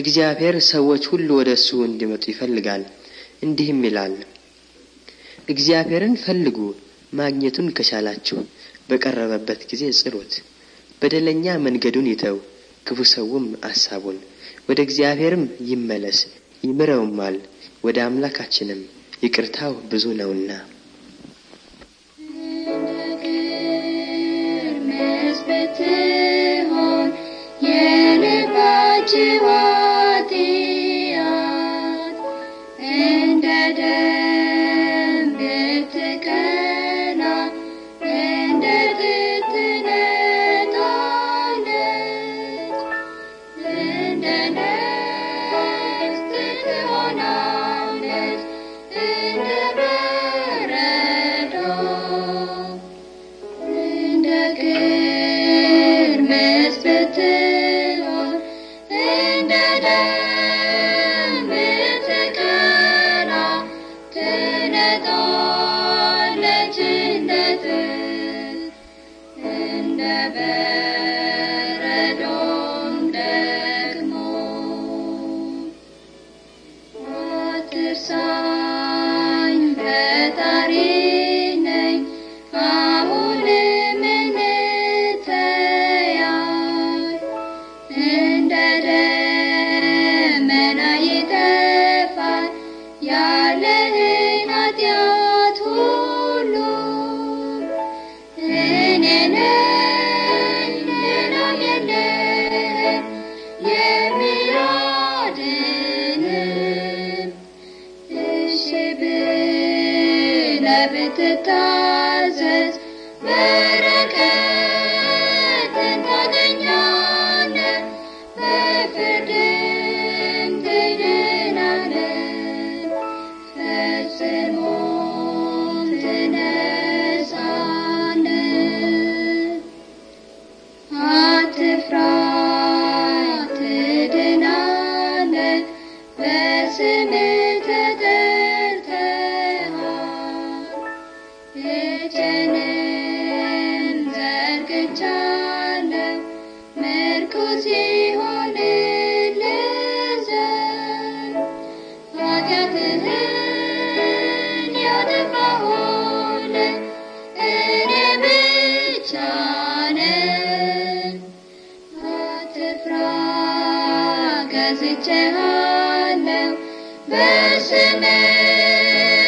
እግዚአብሔር ሰዎች ሁሉ ወደ እሱ እንዲመጡ ይፈልጋል። እንዲህም ይላል፣ እግዚአብሔርን ፈልጉ፣ ማግኘቱን ከቻላችሁ በቀረበበት ጊዜ ጽሩት። በደለኛ መንገዱን ይተው፣ ክፉ ሰውም አሳቡን። ወደ እግዚአብሔርም ይመለስ ይምረውማል፣ ወደ አምላካችንም ይቅርታው ብዙ ነውና። you da Never the tazes, but از جهالم به